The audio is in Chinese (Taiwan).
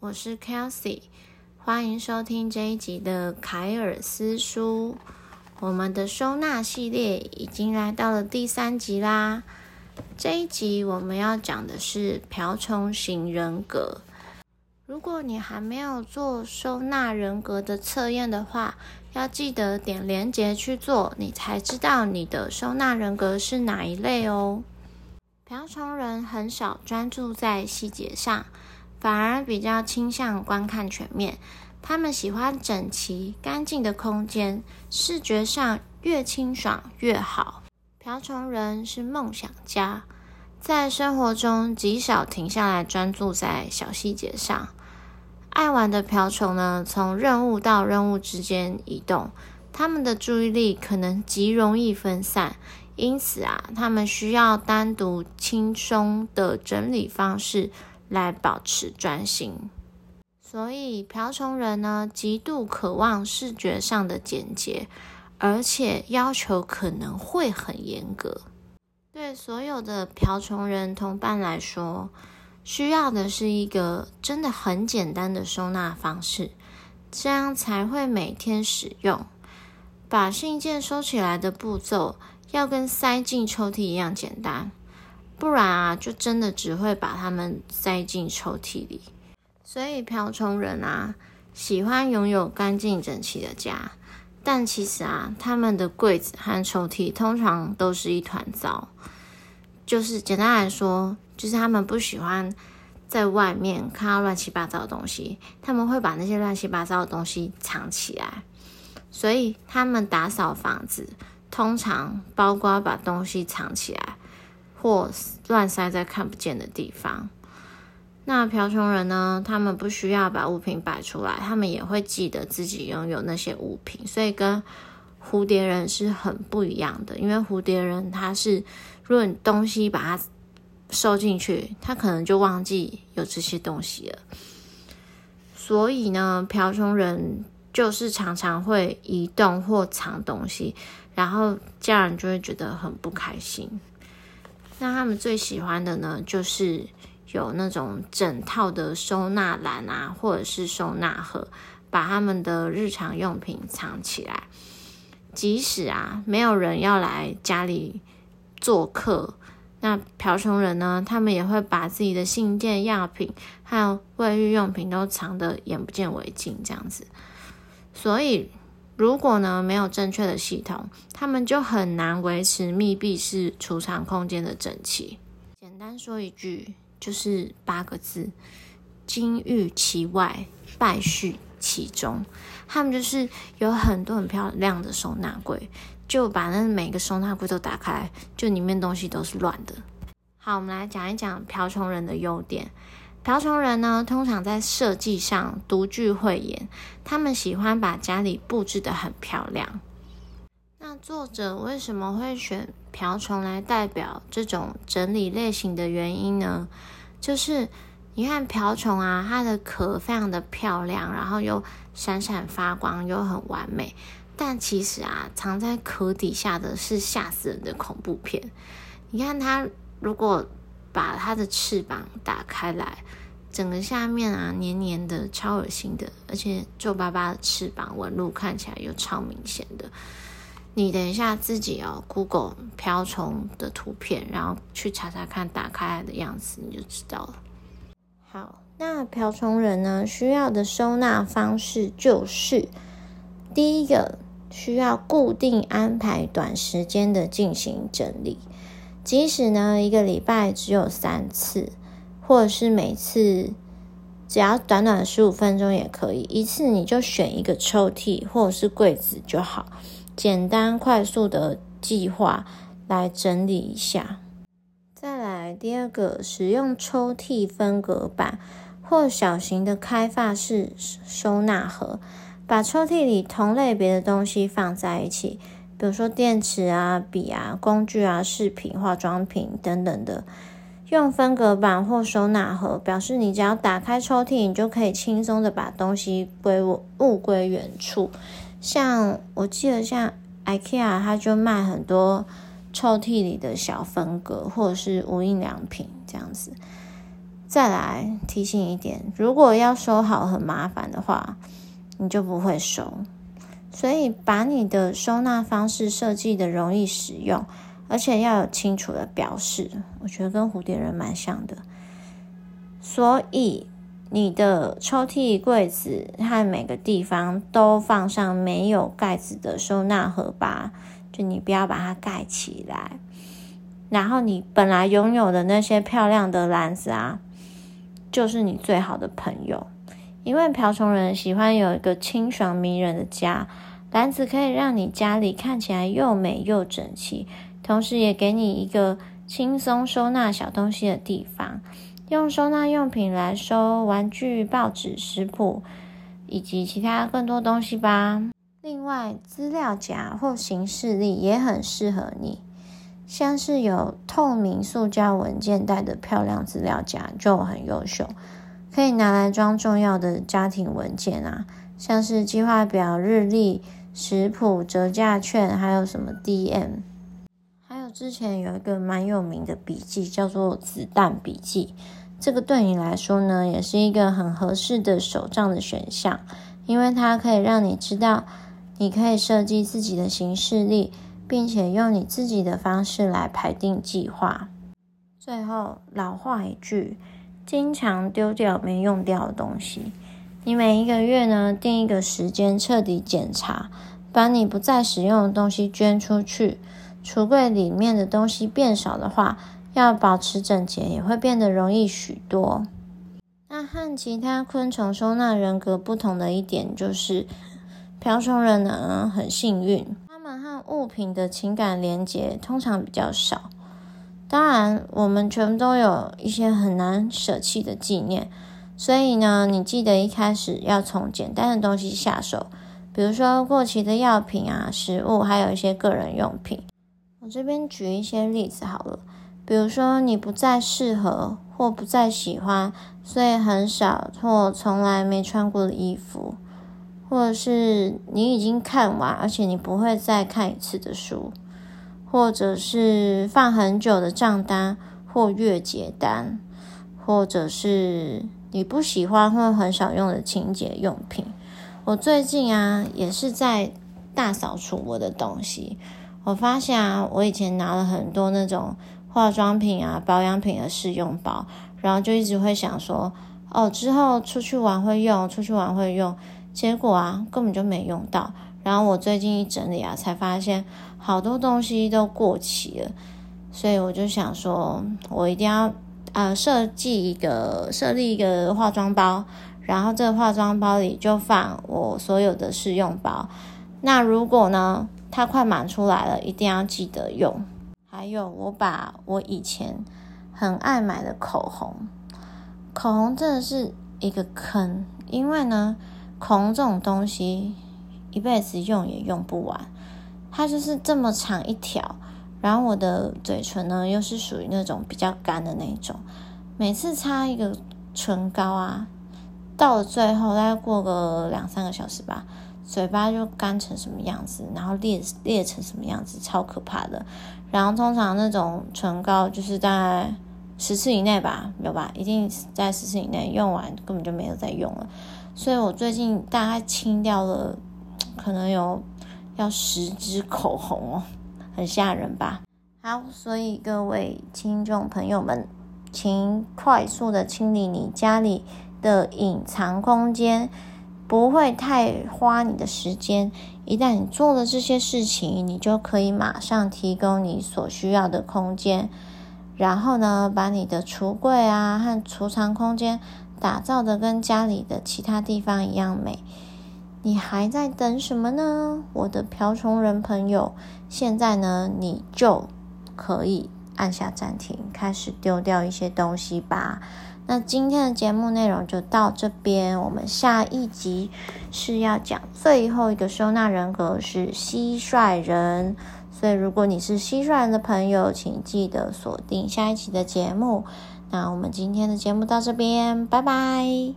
我是 Kelsey 歡迎收聽這一集的凱爾斯書。我們的收納系列已經來到了第三集啦。這一集我們要講的是瓢蟲型人格。如果你還沒有做收納人格的測驗的話，要記得點連結去做，你才知道你的收納人格是哪一類哦。瓢蟲人很少專注在細節上。反而比較傾向觀看全面，他們喜歡整齊乾淨的空間，視覺上越清爽越好。瓢蟲人是夢想家，在生活中極少停下來專注在小細節上。愛玩的瓢蟲呢，從任務到任務之間移動，他們的注意力可能極容易分散，因此啊，他們需要單獨輕鬆的整理方式。來保持專心，所以瓢蟲人呢，極度渴望視覺上的簡潔，而且要求可能會很嚴格。對所有的瓢蟲人同伴來說，需要的是一個真的很簡單的收納方式，這樣才會每天使用。把信件收起來的步驟要跟塞進抽屜一樣簡單。不然啊，就真的只會把它們塞進抽屜裡。所以，瓢蟲人啊，喜歡擁有乾淨整齊的家，但其實啊，他們的櫃子和抽屜通常都是一團糟。就是簡單來說，就是他們不喜歡在外面看到亂七八糟的東西，他們會把那些亂七八糟的東西藏起來。所以，他們打掃房子通常包括要把東西藏起來。或亂塞在看不見的地方。那瓢蟲人呢？他們不需要把物品擺出來，他們也會記得自己擁有那些物品，所以跟蝴蝶人是很不一樣的。因為蝴蝶人，他是如果你東西把它收進去，他可能就忘記有這些東西了。所以呢，瓢蟲人就是常常會移動或藏東西，然後家人就會覺得很不開心。那他們最喜歡的呢，就是有那種整套的收納籃啊，或者是收納盒，把他們的日常用品藏起來。即使啊，沒有人要來家裡做客，那瓢蟲人呢，他們也會把自己的信件、藥品和衛浴用品都藏得眼不見為淨這樣子。所以。如果呢沒有正確的系統，他們就很難維持密閉式儲藏空間的整齊。簡單說一句，就是八個字：金玉其外，敗絮其中。他們就是有很多很漂亮的收納櫃，就把那每個收納櫃都打開，就裡面東西都是亂的。好，我們來講一講瓢蟲人的優點。瓢蟲人呢，通常在設計上獨具慧眼，他們喜歡把家裡佈置得很漂亮。那作者為什麼會選瓢蟲來代表這種整理類型的原因呢？就是你看瓢蟲啊，它的殼非常的漂亮，然後又閃閃發光，又很完美。但其實啊，藏在殼底下的是嚇死人的恐怖片。你看它如果，把它的翅膀打開來，整個下面啊黏黏的，超惡心的，而且皺巴巴的翅膀紋路看起來又超明顯的。你等一下自己哦，Google 瓢蟲的圖片，然後去查查看打開來的樣子，你就知道了。好，那瓢蟲人呢，需要的收納方式就是第一個，需要固定安排短時間的進行整理。即使呢一個禮拜只有三次，或者是每次只要短短十五分鐘也可以，一次你就選一個抽屜或者是櫃子就好，簡單快速的計劃來整理一下。再來第二個，使用抽屜分隔板或小型的開放式收納盒，把抽屜裡同類別的東西放在一起。比如說電池啊、筆啊、工具啊、飾品、化妝品等等的，用分隔板或收納盒，表示你只要打開抽屜，你就可以輕鬆的把東西歸物物歸原處。像我記得，像 IKEA 它就賣很多抽屜裡的小分隔，或者是無印良品這樣子。再來提醒一點，如果要收好很麻煩的話，你就不會收。所以，把你的收納方式設計得容易使用，而且要有清楚的表示。我覺得跟蝴蝶人蠻像的。所以，你的抽屜、櫃子和每個地方都放上沒有蓋子的收納盒吧，就你不要把它蓋起來。然後，你本來擁有的那些漂亮的籃子啊，就是你最好的朋友。因為瓢蟲人喜歡有一個清爽迷人的家，籃子可以讓你家裡看起來又美又整齊，同時也給你一個輕鬆收納小東西的地方。用收納用品來收玩具、報紙、食譜以及其他更多東西吧。另外，資料夾或行事曆也很適合你，像是有透明塑膠文件袋的漂亮資料夾就很優秀。可以拿來裝重要的家庭文件啊，像是計劃表、日曆、食譜、折價券，還有什麼 DM。還有之前有一個蠻有名的筆記叫做子彈筆記，這個對你來說呢，也是一個很合適的手賬的選項，因為它可以讓你知道，你可以設計自己的行事曆，並且用你自己的方式來排定計劃。最後老話一句。經常丟掉沒用掉的東西。你每一個月呢，定一個時間徹底檢查，把你不再使用的東西捐出去。櫥櫃裡面的東西變少的話，要保持整潔也會變得容易許多。那和其他昆蟲收納人格不同的一點就是，瓢蟲人呢，很幸運，他們和物品的情感連結通常比較少。當然，我們全部都有一些很難舍棄的紀念，所以呢，你記得一開始要從簡單的東西下手，比如說過期的藥品啊、食物，還有一些個人用品。我這邊舉一些例子好了，比如說你不再適合或不再喜歡，所以很少或從來沒穿過的衣服，或者是你已經看完而且你不會再看一次的書。或者是放很久的賬單，或月結單，或者是你不喜歡或很少用的清潔用品。我最近啊，也是在大掃除我的東西，我發現啊，我以前拿了很多那種化妝品啊、保養品的試用包，然後就一直會想說，哦，之後出去玩會用，出去玩會用，結果啊，根本就沒用到。然後我最近一整理啊，才發現好多東西都過期了，所以我就想說，我一定要呃設計一個設立一個化妝包，然後這個化妝包裡就放我所有的試用包。那如果呢它快滿出來了，一定要記得用。還有我把我以前很愛買的口紅，口紅真的是一個坑，因為呢口紅這種東西。一輩子用也用不完，它就是這麼長一條，然後我的嘴唇呢又是屬於那種比較乾的那一種，每次擦一個唇膏啊，到了最後大概過個兩三個小時吧，嘴巴就乾成什麼樣子，然後裂裂成什麼樣子，超可怕的。然後通常那種唇膏就是在十次以內吧，有吧？一定在十次以內用完，根本就沒有再用了。所以我最近大概清掉了。可能有要十支口紅哦，很嚇人吧？好，所以各位聽眾朋友們，請快速的清理你家裡的隱藏空間，不會太花你的時間。一旦你做了這些事情，你就可以馬上提供你所需要的空間，然後呢，把你的櫥櫃啊和儲藏空間打造的跟家裡的其他地方一樣美。你還在等什麼呢？我的瓢蟲人朋友，現在呢，你就可以按下暫停，開始丟掉一些東西吧。那今天的節目內容就到這邊，我們下一集是要講最後一個收納人格是蟋蟀人，所以如果你是蟋蟀人的朋友，請記得鎖定下一集的節目。那我們今天的節目到這邊，拜拜。